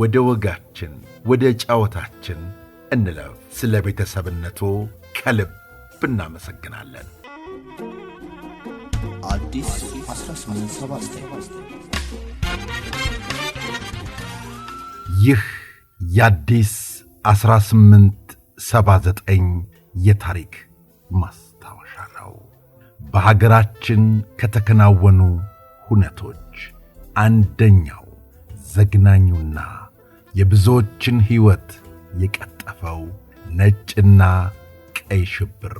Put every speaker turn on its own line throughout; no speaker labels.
ወደ ወጋችን ወደ ጫወታችን እንለፍ። ስለ ቤተሰብነቱ ከልብ እናመሰግናለን። ይህ የአዲስ 1879 የታሪክ ማስታወሻ ነው። በሀገራችን ከተከናወኑ ሁነቶች አንደኛው ዘግናኙና የብዙዎችን ሕይወት የቀጠፈው ነጭና ቀይ ሽብር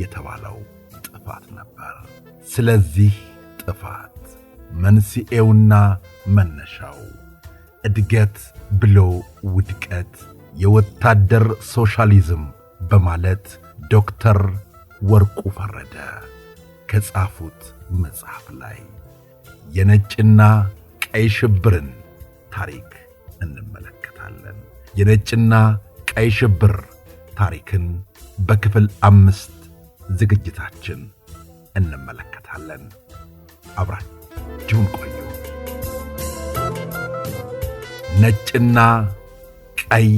የተባለው ጥፋት ነበር። ስለዚህ ጥፋት መንስኤውና መነሻው እድገት ብሎ ውድቀት፣ የወታደር ሶሻሊዝም በማለት ዶክተር ወርቁ ፈረደ ከጻፉት መጽሐፍ ላይ የነጭና ቀይ ሽብርን ታሪክ እንመለከታለን። የነጭና ቀይ ሽብር ታሪክን በክፍል አምስት ዝግጅታችን እንመለከታለን። አብራችሁን ቆዩ። ነጭና ቀይ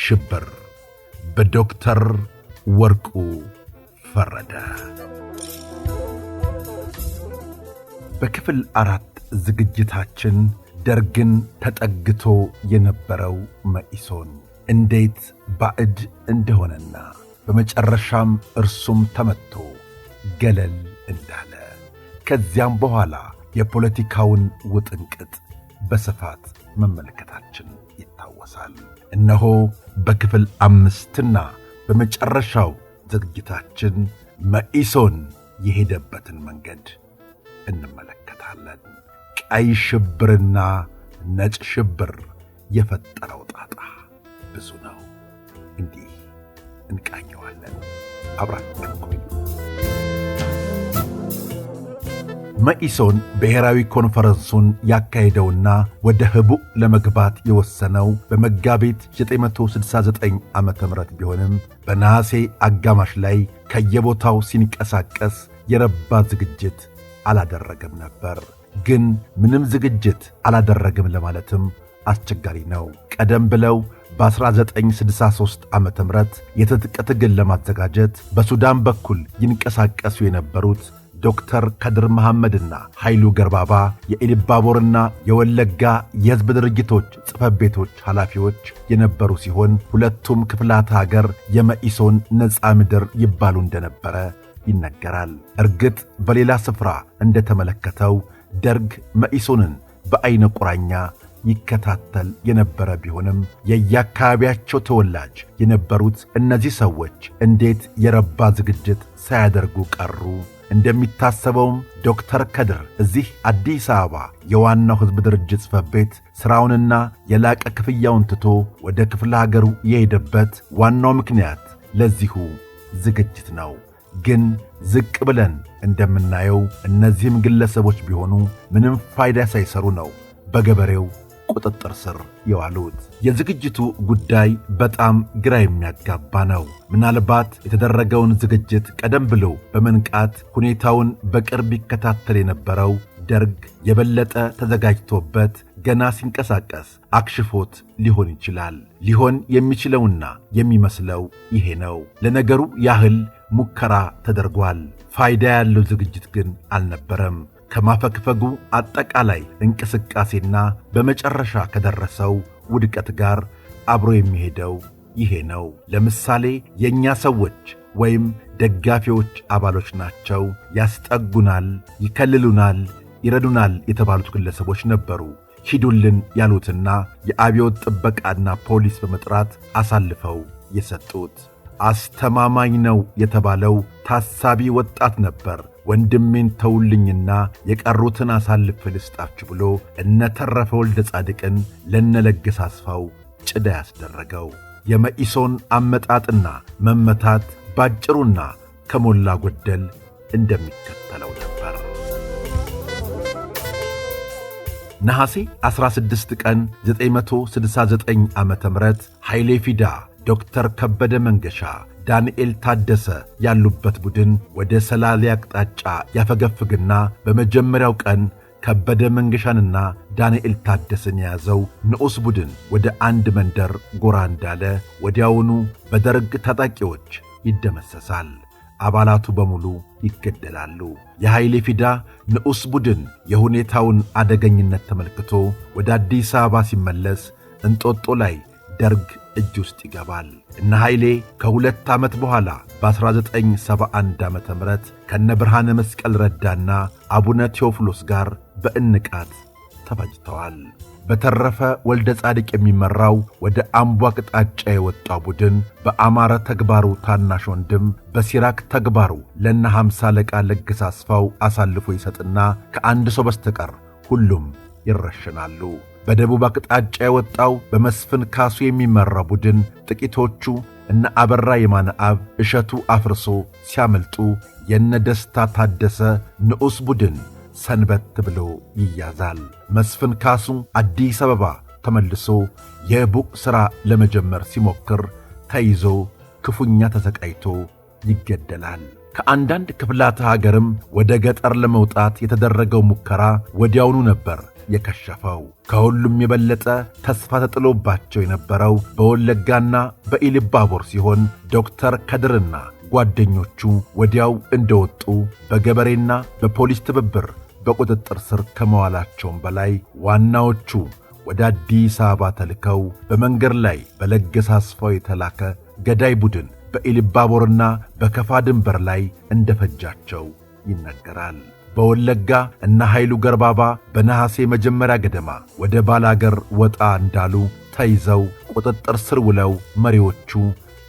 ሽብር በዶክተር ወርቁ ፈረደ። በክፍል አራት ዝግጅታችን ደርግን ተጠግቶ የነበረው መኢሶን እንዴት ባዕድ እንደሆነና በመጨረሻም እርሱም ተመቶ ገለል እንዳለ ከዚያም በኋላ የፖለቲካውን ውጥንቅጥ በስፋት መመልከታችን ይታወሳል። እነሆ በክፍል አምስትና በመጨረሻው ዝግጅታችን መኢሶን የሄደበትን መንገድ እንመለከታለን። ቀይ ሽብርና ነጭ ሽብር የፈጠረው ጣጣ ብዙ ነው። እንዲህ እንቃኘዋለን። አብራችሁ ቆዩ። መኢሶን ብሔራዊ ኮንፈረንሱን ያካሄደውና ወደ ህቡዕ ለመግባት የወሰነው በመጋቢት 969 ዓ ም ቢሆንም በነሐሴ አጋማሽ ላይ ከየቦታው ሲንቀሳቀስ የረባ ዝግጅት አላደረገም ነበር። ግን ምንም ዝግጅት አላደረግም ለማለትም አስቸጋሪ ነው። ቀደም ብለው በ1963 ዓ ም የትጥቅ ትግል ለማዘጋጀት በሱዳን በኩል ይንቀሳቀሱ የነበሩት ዶክተር ከድር መሐመድና ኃይሉ ገርባባ የኢልባቦርና የወለጋ የሕዝብ ድርጅቶች ጽሕፈት ቤቶች ኃላፊዎች የነበሩ ሲሆን ሁለቱም ክፍላተ አገር የመኢሶን ነፃ ምድር ይባሉ እንደነበረ ይነገራል። እርግጥ በሌላ ስፍራ እንደተመለከተው ደርግ መኢሶንን በዐይነ ቁራኛ ይከታተል የነበረ ቢሆንም የየአካባቢያቸው ተወላጅ የነበሩት እነዚህ ሰዎች እንዴት የረባ ዝግጅት ሳያደርጉ ቀሩ? እንደሚታሰበውም ዶክተር ከድር እዚህ አዲስ አበባ የዋናው ሕዝብ ድርጅት ጽሕፈት ቤት ሥራውንና የላቀ ክፍያውን ትቶ ወደ ክፍለ አገሩ የሄደበት ዋናው ምክንያት ለዚሁ ዝግጅት ነው። ግን ዝቅ ብለን እንደምናየው እነዚህም ግለሰቦች ቢሆኑ ምንም ፋይዳ ሳይሰሩ ነው በገበሬው ቁጥጥር ስር የዋሉት። የዝግጅቱ ጉዳይ በጣም ግራ የሚያጋባ ነው። ምናልባት የተደረገውን ዝግጅት ቀደም ብሎ በመንቃት ሁኔታውን በቅርብ ይከታተል የነበረው ደርግ የበለጠ ተዘጋጅቶበት ገና ሲንቀሳቀስ አክሽፎት ሊሆን ይችላል። ሊሆን የሚችለውና የሚመስለው ይሄ ነው። ለነገሩ ያህል ሙከራ ተደርጓል። ፋይዳ ያለው ዝግጅት ግን አልነበረም። ከማፈግፈጉ አጠቃላይ እንቅስቃሴና በመጨረሻ ከደረሰው ውድቀት ጋር አብሮ የሚሄደው ይሄ ነው። ለምሳሌ የእኛ ሰዎች ወይም ደጋፊዎች አባሎች ናቸው፣ ያስጠጉናል፣ ይከልሉናል፣ ይረዱናል የተባሉት ግለሰቦች ነበሩ ሂዱልን ያሉትና የአብዮት ጥበቃና ፖሊስ በመጥራት አሳልፈው የሰጡት አስተማማኝ ነው የተባለው ታሳቢ ወጣት ነበር። ወንድሜን ተውልኝና የቀሩትን አሳልፍ ልስጣችሁ ብሎ እነ ተረፈ ወልደ ጻድቅን ለነለገስ አስፋው ጭዳ ያስደረገው የመኢሶን አመጣጥና መመታት ባጭሩና ከሞላ ጎደል እንደሚከተለው ነበር። ነሐሴ 16 ቀን 969 ዓ.ም ኃይሌ ፊዳ ዶክተር ከበደ መንገሻ፣ ዳንኤል ታደሰ ያሉበት ቡድን ወደ ሰላሌ አቅጣጫ ያፈገፍግና በመጀመሪያው ቀን ከበደ መንገሻንና ዳንኤል ታደሰን የያዘው ንዑስ ቡድን ወደ አንድ መንደር ጎራ እንዳለ ወዲያውኑ በደርግ ታጣቂዎች ይደመሰሳል። አባላቱ በሙሉ ይገደላሉ። የኃይሌ ፊዳ ንዑስ ቡድን የሁኔታውን አደገኝነት ተመልክቶ ወደ አዲስ አበባ ሲመለስ እንጦጦ ላይ ደርግ እጅ ውስጥ ይገባል። እነ ኃይሌ ከሁለት ዓመት በኋላ በ1971 ዓ ም ከነ ብርሃነ መስቀል ረዳና አቡነ ቴዎፍሎስ ጋር በእንቃት ተፈጅተዋል። በተረፈ ወልደ ጻድቅ የሚመራው ወደ አምቦ አቅጣጫ የወጣው ቡድን በአማረ ተግባሩ ታናሽ ወንድም በሲራክ ተግባሩ ለነ ሐምሳ አለቃ ለገሰ አስፋው አሳልፎ ይሰጥና ከአንድ ሰው በስተቀር ሁሉም ይረሽናሉ። በደቡብ አቅጣጫ የወጣው በመስፍን ካሱ የሚመራው ቡድን ጥቂቶቹ እነ አበራ የማነ አብ፣ እሸቱ አፍርሶ ሲያመልጡ የነ ደስታ ታደሰ ንዑስ ቡድን ሰንበት ብሎ ይያዛል። መስፍን ካሱ አዲስ አበባ ተመልሶ የቡቅ ሥራ ለመጀመር ሲሞክር ተይዞ ክፉኛ ተሰቃይቶ ይገደላል። ከአንዳንድ ክፍላተ ሀገርም ወደ ገጠር ለመውጣት የተደረገው ሙከራ ወዲያውኑ ነበር የከሸፈው። ከሁሉም የበለጠ ተስፋ ተጥሎባቸው የነበረው በወለጋና በኢልባቦር ሲሆን ዶክተር ከድርና ጓደኞቹ ወዲያው እንደወጡ በገበሬና በፖሊስ ትብብር በቁጥጥር ስር ከመዋላቸውም በላይ ዋናዎቹ ወደ አዲስ አበባ ተልከው በመንገድ ላይ በለገሰ አስፋው የተላከ ገዳይ ቡድን በኢልባቦርና በከፋ ድንበር ላይ እንደፈጃቸው ይነገራል። በወለጋ እና ኃይሉ ገርባባ በነሐሴ መጀመሪያ ገደማ ወደ ባላገር ወጣ እንዳሉ ተይዘው ቁጥጥር ስር ውለው መሪዎቹ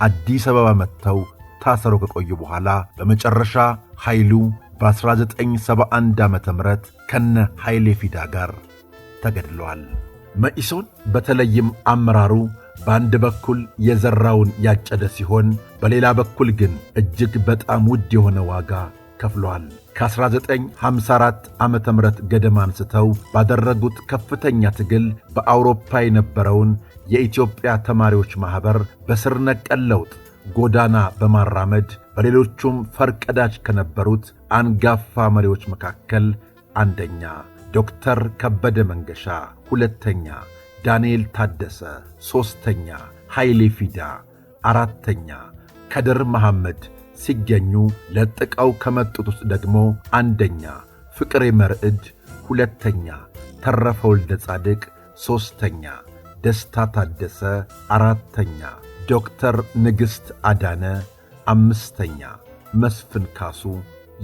አዲስ አበባ መጥተው ታሰረው ከቆዩ በኋላ በመጨረሻ ኃይሉ በ1971 ዓ ም ከነ ኃይሌ ፊዳ ጋር ተገድለዋል። መኢሶን በተለይም አመራሩ በአንድ በኩል የዘራውን ያጨደ ሲሆን፣ በሌላ በኩል ግን እጅግ በጣም ውድ የሆነ ዋጋ ከፍሏል። ከ1954 ዓ ም ገደማ አንስተው ባደረጉት ከፍተኛ ትግል በአውሮፓ የነበረውን የኢትዮጵያ ተማሪዎች ማኅበር በስር ነቀል ለውጥ ጎዳና በማራመድ በሌሎቹም ፈርቀዳጅ ከነበሩት አንጋፋ መሪዎች መካከል አንደኛ ዶክተር ከበደ መንገሻ፣ ሁለተኛ ዳንኤል ታደሰ፣ ሦስተኛ ኃይሌ ፊዳ፣ አራተኛ ከድር መሐመድ ሲገኙ ለጥቀው ከመጡት ውስጥ ደግሞ አንደኛ ፍቅሬ መርዕድ፣ ሁለተኛ ተረፈ ወልደ ጻድቅ፣ ሦስተኛ ደስታ ታደሰ፣ አራተኛ ዶክተር ንግሥት አዳነ፣ አምስተኛ መስፍን ካሱ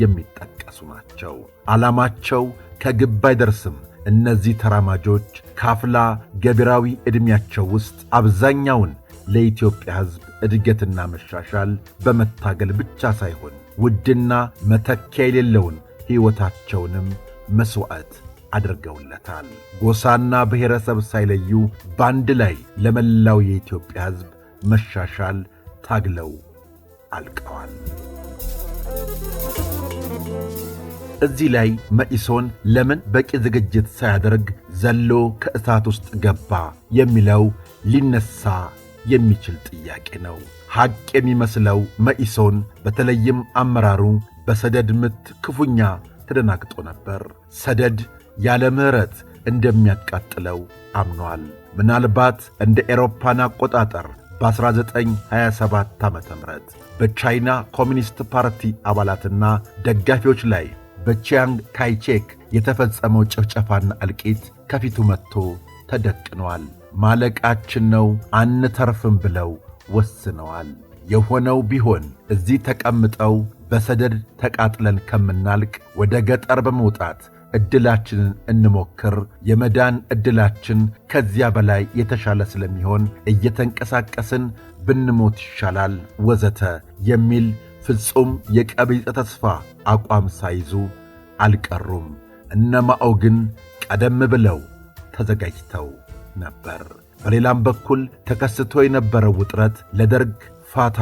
የሚጠቀሱ ናቸው። ዓላማቸው ከግብ አይደርስም። እነዚህ ተራማጆች ካፍላ ገቢራዊ ዕድሜያቸው ውስጥ አብዛኛውን ለኢትዮጵያ ሕዝብ እድገትና መሻሻል በመታገል ብቻ ሳይሆን ውድና መተኪያ የሌለውን ሕይወታቸውንም መሥዋዕት አድርገውለታል። ጎሳና ብሔረሰብ ሳይለዩ በአንድ ላይ ለመላው የኢትዮጵያ ሕዝብ መሻሻል ታግለው አልቀዋል። እዚህ ላይ መኢሶን ለምን በቂ ዝግጅት ሳያደርግ ዘሎ ከእሳት ውስጥ ገባ የሚለው ሊነሳ የሚችል ጥያቄ ነው። ሐቅ የሚመስለው መኢሶን በተለይም አመራሩ በሰደድ ምት ክፉኛ ተደናግጦ ነበር። ሰደድ ያለ ምሕረት እንደሚያቃጥለው አምኗል። ምናልባት እንደ ኤሮፓን አቆጣጠር በ1927 ዓ ም በቻይና ኮሚኒስት ፓርቲ አባላትና ደጋፊዎች ላይ በቺያንግ ካይቼክ የተፈጸመው ጭፍጨፋና እልቂት ከፊቱ መጥቶ ተደቅኗል። ማለቃችን ነው አንተርፍም ብለው ወስነዋል። የሆነው ቢሆን እዚህ ተቀምጠው በሰደድ ተቃጥለን ከምናልቅ ወደ ገጠር በመውጣት ዕድላችንን እንሞክር። የመዳን ዕድላችን ከዚያ በላይ የተሻለ ስለሚሆን እየተንቀሳቀስን ብንሞት ይሻላል፣ ወዘተ የሚል ፍጹም የቀቢጸ ተስፋ አቋም ሳይዙ አልቀሩም። እነ ግን ቀደም ብለው ተዘጋጅተው ነበር። በሌላም በኩል ተከስቶ የነበረው ውጥረት ለደርግ ፋታ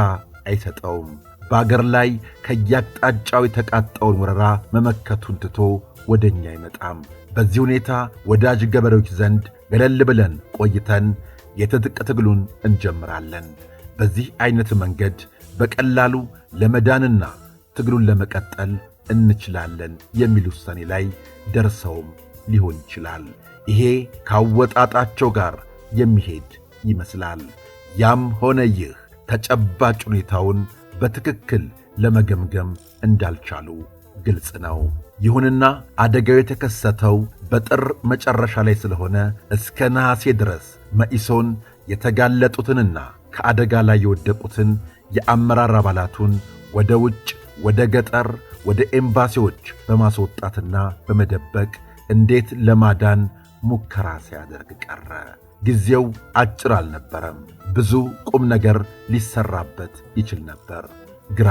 አይሰጠውም። በአገር ላይ ከየአቅጣጫው የተቃጣውን ወረራ መመከቱን ትቶ ወደ እኛ አይመጣም። በዚህ ሁኔታ ወዳጅ ገበሬዎች ዘንድ ገለል ብለን ቆይተን የትጥቅ ትግሉን እንጀምራለን። በዚህ ዐይነት መንገድ በቀላሉ ለመዳንና ትግሉን ለመቀጠል እንችላለን የሚል ውሳኔ ላይ ደርሰውም ሊሆን ይችላል። ይሄ ካወጣጣቸው ጋር የሚሄድ ይመስላል። ያም ሆነ ይህ ተጨባጭ ሁኔታውን በትክክል ለመገምገም እንዳልቻሉ ግልጽ ነው። ይሁንና አደጋው የተከሰተው በጥር መጨረሻ ላይ ስለሆነ እስከ ነሐሴ ድረስ መኢሶን የተጋለጡትንና ከአደጋ ላይ የወደቁትን የአመራር አባላቱን ወደ ውጭ፣ ወደ ገጠር፣ ወደ ኤምባሲዎች በማስወጣትና በመደበቅ እንዴት ለማዳን ሙከራ ሲያደርግ ቀረ። ጊዜው አጭር አልነበረም። ብዙ ቁም ነገር ሊሰራበት ይችል ነበር። ግራ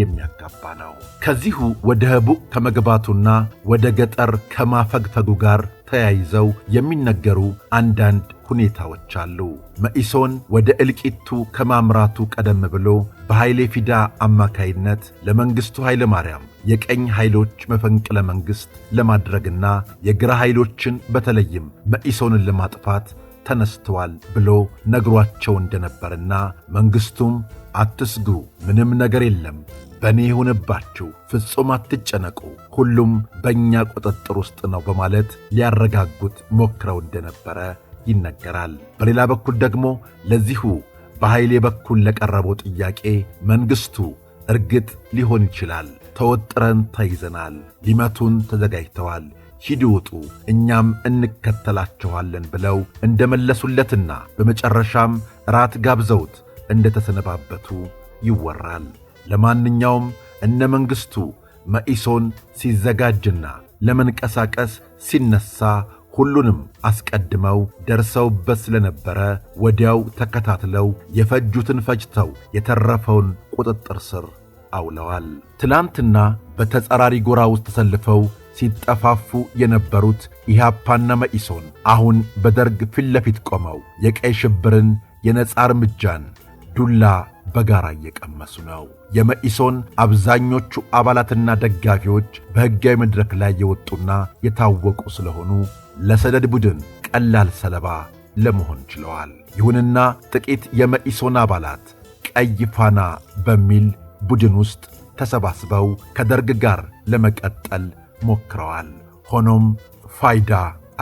የሚያጋባ ነው። ከዚሁ ወደ ቡዕ ከመግባቱና ወደ ገጠር ከማፈግፈጉ ጋር ተያይዘው የሚነገሩ አንዳንድ ሁኔታዎች አሉ። መኢሶን ወደ እልቂቱ ከማምራቱ ቀደም ብሎ በኃይሌ ፊዳ አማካይነት ለመንግሥቱ ኃይለ ማርያም የቀኝ ኃይሎች መፈንቅለ መንግሥት ለማድረግና የግራ ኃይሎችን በተለይም መኢሶንን ለማጥፋት ተነስተዋል ብሎ ነግሯቸው እንደነበርና መንግሥቱም አትስጉ፣ ምንም ነገር የለም፣ በእኔ የሆነባችሁ፣ ፍጹም አትጨነቁ፣ ሁሉም በእኛ ቁጥጥር ውስጥ ነው በማለት ሊያረጋጉት ሞክረው እንደነበረ ይነገራል። በሌላ በኩል ደግሞ ለዚሁ በኃይሌ በኩል ለቀረበው ጥያቄ መንግሥቱ እርግጥ ሊሆን ይችላል፣ ተወጥረን ተይዘናል፣ ሊመቱን ተዘጋጅተዋል፣ ሂድ ውጡ፣ እኛም እንከተላቸዋለን ብለው እንደመለሱለትና በመጨረሻም ራት ጋብዘውት እንደተሰነባበቱ ይወራል። ለማንኛውም እነ መንግሥቱ መኢሶን ሲዘጋጅና ለመንቀሳቀስ ሲነሳ ሁሉንም አስቀድመው ደርሰውበት ስለነበረ ወዲያው ተከታትለው የፈጁትን ፈጅተው የተረፈውን ቁጥጥር ስር አውለዋል። ትላንትና በተጸራሪ ጎራ ውስጥ ተሰልፈው ሲጠፋፉ የነበሩት ኢህአፓና መኢሶን አሁን በደርግ ፊት ለፊት ቆመው የቀይ ሽብርን የነጻ እርምጃን ዱላ በጋራ እየቀመሱ ነው። የመኢሶን አብዛኞቹ አባላትና ደጋፊዎች በሕጋዊ መድረክ ላይ የወጡና የታወቁ ስለሆኑ ለሰደድ ቡድን ቀላል ሰለባ ለመሆን ችለዋል። ይሁንና ጥቂት የመኢሶን አባላት ቀይ ፋና በሚል ቡድን ውስጥ ተሰባስበው ከደርግ ጋር ለመቀጠል ሞክረዋል። ሆኖም ፋይዳ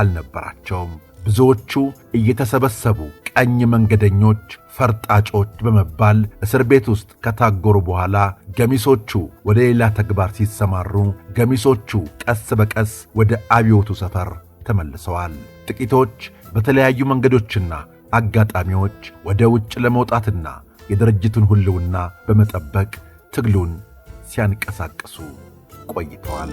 አልነበራቸውም። ብዙዎቹ እየተሰበሰቡ ቀኝ መንገደኞች፣ ፈርጣጮች በመባል እስር ቤት ውስጥ ከታጎሩ በኋላ ገሚሶቹ ወደ ሌላ ተግባር ሲሰማሩ፣ ገሚሶቹ ቀስ በቀስ ወደ አብዮቱ ሰፈር ተመልሰዋል። ጥቂቶች በተለያዩ መንገዶችና አጋጣሚዎች ወደ ውጭ ለመውጣትና የድርጅቱን ሕልውና በመጠበቅ ትግሉን ሲያንቀሳቅሱ ቆይተዋል።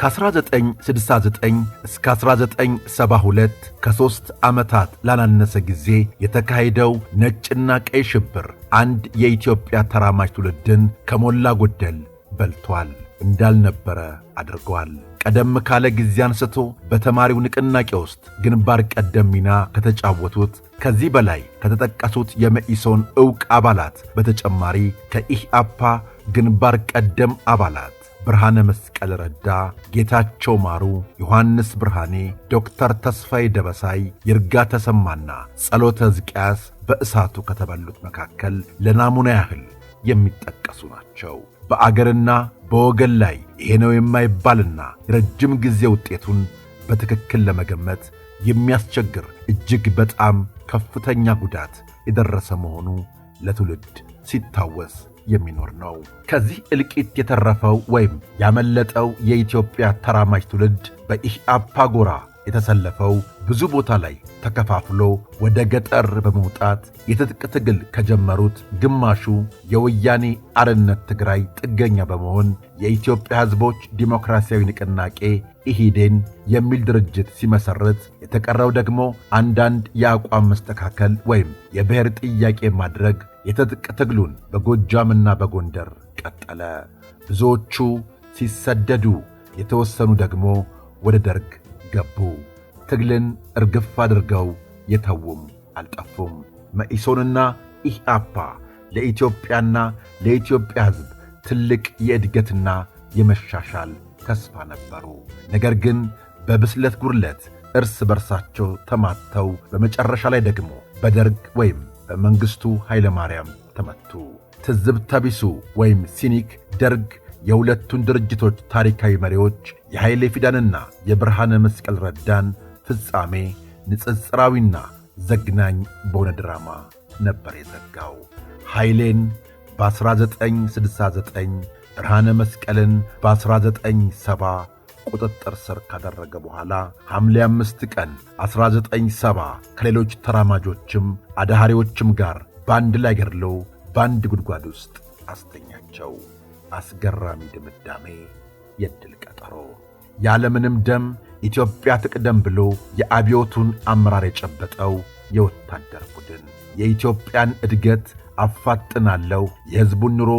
ከ1969 እስከ 1972 ከሦስት ዓመታት ላላነሰ ጊዜ የተካሄደው ነጭና ቀይ ሽብር አንድ የኢትዮጵያ ተራማጅ ትውልድን ከሞላ ጎደል በልቷል፣ እንዳልነበረ አድርገዋል። ቀደም ካለ ጊዜ አንስቶ በተማሪው ንቅናቄ ውስጥ ግንባር ቀደም ሚና ከተጫወቱት ከዚህ በላይ ከተጠቀሱት የመኢሶን ዕውቅ አባላት በተጨማሪ ከኢህአፓ ግንባር ቀደም አባላት ብርሃነ መስቀል ረዳ፣ ጌታቸው ማሩ፣ ዮሐንስ ብርሃኔ፣ ዶክተር ተስፋዬ ደበሳይ፣ ይርጋ ተሰማና ጸሎተ ሕዝቅያስ በእሳቱ ከተበሉት መካከል ለናሙና ያህል የሚጠቀሱ ናቸው። በአገርና በወገን ላይ ይሄ ነው የማይባልና ረጅም ጊዜ ውጤቱን በትክክል ለመገመት የሚያስቸግር እጅግ በጣም ከፍተኛ ጉዳት የደረሰ መሆኑ ለትውልድ ሲታወስ የሚኖር ነው። ከዚህ እልቂት የተረፈው ወይም ያመለጠው የኢትዮጵያ ተራማጅ ትውልድ በኢህአፓ ጎራ የተሰለፈው ብዙ ቦታ ላይ ተከፋፍሎ ወደ ገጠር በመውጣት የትጥቅ ትግል ከጀመሩት ግማሹ የወያኔ አርነት ትግራይ ጥገኛ በመሆን የኢትዮጵያ ሕዝቦች ዲሞክራሲያዊ ንቅናቄ ኢሂዴን የሚል ድርጅት ሲመሠረት፣ የተቀረው ደግሞ አንዳንድ የአቋም መስተካከል ወይም የብሔር ጥያቄ ማድረግ የትጥቅ ትግሉን በጎጃምና በጎንደር ቀጠለ። ብዙዎቹ ሲሰደዱ፣ የተወሰኑ ደግሞ ወደ ደርግ ገቡ። ትግልን እርግፍ አድርገው የተውም አልጠፉም። መኢሶንና ኢህአፓ ለኢትዮጵያና ለኢትዮጵያ ሕዝብ ትልቅ የእድገትና የመሻሻል ተስፋ ነበሩ። ነገር ግን በብስለት ጉድለት እርስ በርሳቸው ተማተው በመጨረሻ ላይ ደግሞ በደርግ ወይም በመንግሥቱ ኃይለማርያም ተመቱ። ትዝብተ ቢሱ ወይም ሲኒክ ደርግ የሁለቱን ድርጅቶች ታሪካዊ መሪዎች የኃይሌ ፊዳንና የብርሃነ መስቀል ረዳን ፍጻሜ ንጽጽራዊና ዘግናኝ በሆነ ድራማ ነበር የዘጋው። ኃይሌን በ1969 ብርሃነ መስቀልን በ1970 ቁጥጥር ስር ካደረገ በኋላ ሐምሌ አምስት ቀን 1970 ከሌሎች ተራማጆችም አዳሃሪዎችም ጋር በአንድ ላይ ገድለው በአንድ ጉድጓድ ውስጥ አስተኛቸው። አስገራሚ ድምዳሜ የድል ቀጠሮ ያለምንም ደም ኢትዮጵያ ትቅደም ብሎ የአብዮቱን አመራር የጨበጠው የወታደር ቡድን የኢትዮጵያን እድገት አፋጥናለሁ፣ የሕዝቡን ኑሮ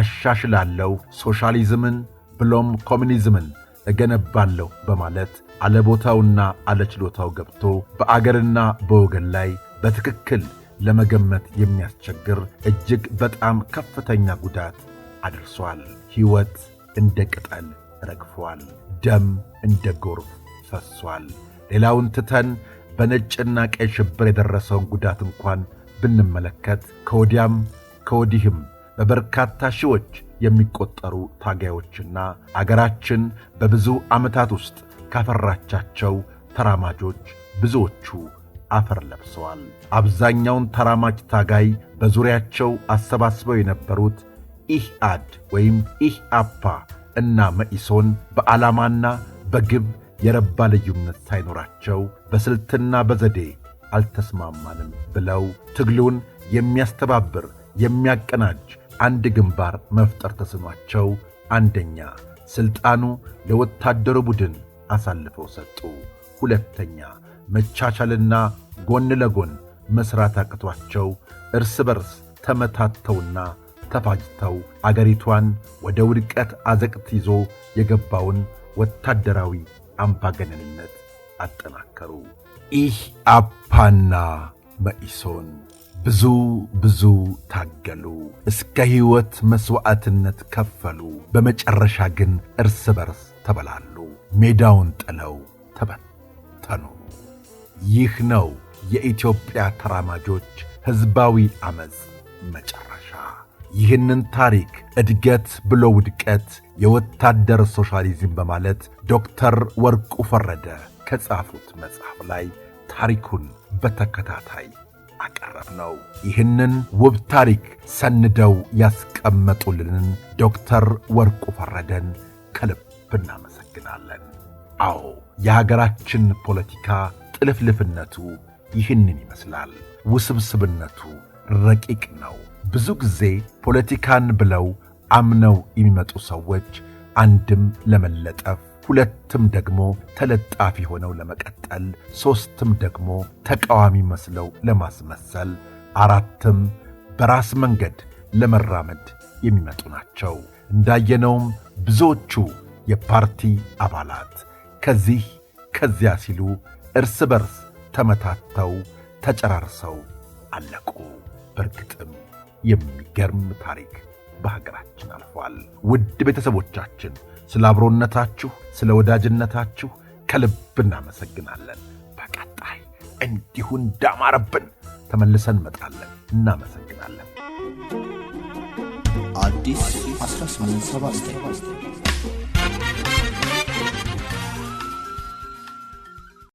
አሻሽላለሁ፣ ሶሻሊዝምን ብሎም ኮሚኒዝምን እገነባለሁ በማለት አለቦታውና አለችሎታው ገብቶ በአገርና በወገን ላይ በትክክል ለመገመት የሚያስቸግር እጅግ በጣም ከፍተኛ ጉዳት አድርሷል። ሕይወት እንደ ቅጠል ረግፏል። ደም እንደ ጎርፍ ፈሷል። ሌላውን ትተን በነጭና ቀይ ሽብር የደረሰውን ጉዳት እንኳን ብንመለከት ከወዲያም ከወዲህም በበርካታ ሺዎች የሚቆጠሩ ታጋዮችና አገራችን በብዙ ዓመታት ውስጥ ካፈራቻቸው ተራማጆች ብዙዎቹ አፈር ለብሰዋል። አብዛኛውን ተራማጅ ታጋይ በዙሪያቸው አሰባስበው የነበሩት ኢህአድ ወይም ኢህአፓ እና መኢሶን በዓላማና በግብ የረባ ልዩነት ሳይኖራቸው በስልትና በዘዴ አልተስማማንም ብለው ትግሉን የሚያስተባብር የሚያቀናጅ አንድ ግንባር መፍጠር ተስኗቸው፣ አንደኛ ሥልጣኑ ለወታደሩ ቡድን አሳልፈው ሰጡ። ሁለተኛ መቻቻልና ጎን ለጎን መሥራት አቅቷቸው እርስ በርስ ተመታተውና ተፋጅተው አገሪቷን ወደ ውድቀት አዘቅት ይዞ የገባውን ወታደራዊ አምባገነንነት አጠናከሩ። ይህ አፓና መኢሶን ብዙ ብዙ ታገሉ፣ እስከ ሕይወት መሥዋዕትነት ከፈሉ። በመጨረሻ ግን እርስ በርስ ተበላሉ፣ ሜዳውን ጥለው ተበተኑ። ይህ ነው የኢትዮጵያ ተራማጆች ሕዝባዊ ዐመፅ መጨረሻ። ይህንን ታሪክ እድገት ብሎ ውድቀት የወታደር ሶሻሊዝም በማለት ዶክተር ወርቁ ፈረደ ከጻፉት መጽሐፍ ላይ ታሪኩን በተከታታይ አቀረብ ነው። ይህንን ውብ ታሪክ ሰንደው ያስቀመጡልንን ዶክተር ወርቁ ፈረደን ከልብ እናመሰግናለን። አዎ የሀገራችን ፖለቲካ ጥልፍልፍነቱ ይህንን ይመስላል። ውስብስብነቱ ረቂቅ ነው። ብዙ ጊዜ ፖለቲካን ብለው አምነው የሚመጡ ሰዎች አንድም ለመለጠፍ ሁለትም ደግሞ ተለጣፊ ሆነው ለመቀጠል ሦስትም ደግሞ ተቃዋሚ መስለው ለማስመሰል አራትም በራስ መንገድ ለመራመድ የሚመጡ ናቸው። እንዳየነውም ብዙዎቹ የፓርቲ አባላት ከዚህ ከዚያ ሲሉ እርስ በርስ ተመታተው ተጨራርሰው አለቁ። በርግጥም የሚገርም ታሪክ በሀገራችን አልፏል። ውድ ቤተሰቦቻችን ስለ አብሮነታችሁ፣ ስለ ወዳጅነታችሁ ከልብ እናመሰግናለን። በቀጣይ እንዲሁ እንዳማረብን ተመልሰን እንመጣለን። እናመሰግናለን። አዲስ 1879